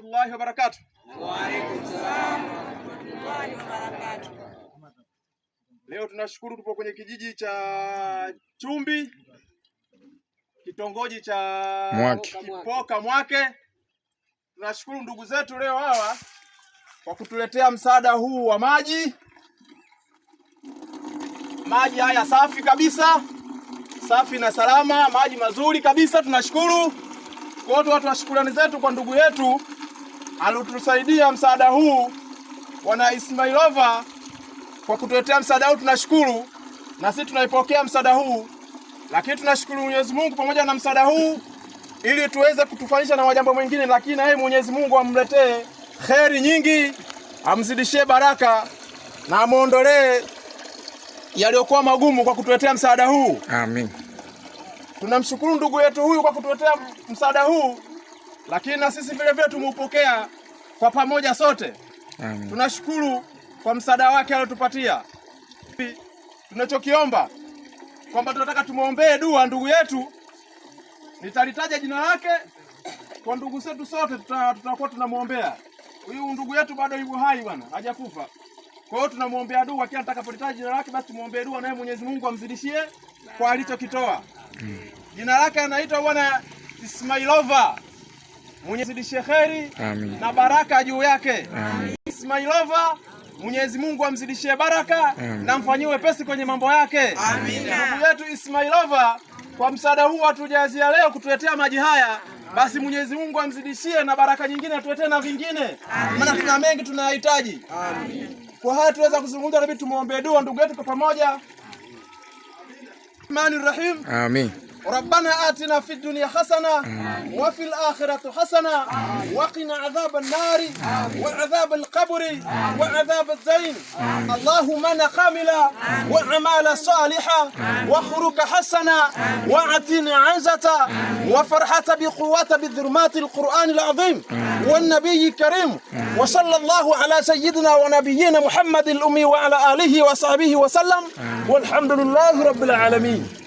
warahmatullahi wabarakatuh. Wa alaikum wabarakatuh. Leo tunashukuru tupo kwenye kijiji cha Chumbi kitongoji cha Mwake. Kipoka Mwake. Tunashukuru ndugu zetu leo hawa kwa kutuletea msaada huu wa maji, maji haya safi kabisa, safi na salama, maji mazuri kabisa. Tunashukuru kwa watu, watu wa shukrani zetu kwa ndugu yetu aliotusaidia msaada huu, wana Ismailova, kwa kutuletea msaada huu tunashukuru, na sisi tunaipokea msaada huu, lakini tunashukuru Mwenyezi Mungu pamoja na msaada huu, ili tuweze kutufanisha na majambo mengine, lakini na yeye Mwenyezi Mungu amletee kheri nyingi, amzidishie baraka na amwondolee yaliyokuwa magumu kwa kutuletea msaada huu. Amin. Tunamshukuru ndugu yetu huyu kwa kutuletea msaada huu lakini na sisi vile vile tumeupokea kwa pamoja sote. Amen. Tunashukuru kwa msaada wake aliotupatia. Tunachokiomba kwamba tunataka tumwombee dua ndugu yetu, nitalitaja jina lake kwa ndugu zetu sote, tutakuwa tunamwombea huyu ndugu yetu, bado yuko hai bwana, hajakufa. Kwa hiyo tunamwombea dua, kila nitakapolitaja jina lake, basi tumwombee dua, naye Mwenyezi Mungu amzidishie kwa alichokitoa. Jina lake anaitwa bwana Ismailova. Mwenyezi zidishie kheri na baraka juu yake Ismailova. Mwenyezi Mungu amzidishie baraka Amin. na mfanyie wepesi kwenye mambo yake ndugu yetu Ismailova. Kwa msaada huu atujazia leo kutuletea maji haya, basi Mwenyezi Mungu amzidishie na baraka nyingine, atuletee na vingine, maana tuna mengi tunayahitaji. Kwa haya tuweza kuzungumza, labda tumuombe dua ndugu yetu kwa pamoja. Amin, Amin. ربنا آتنا في الدنيا حسنة وفي الآخرة حسنة وقنا عذاب النار وعذاب القبر وعذاب الدين اللهم نقاملا وعمال صالحة وخروك حسنة وعتنا عزة وفرحة بقوة بذرمات القرآن العظيم والنبي الكريم وصلى الله على سيدنا ونبينا محمد الأمي وعلى آله وصحبه وسلم والحمد لله رب العالمين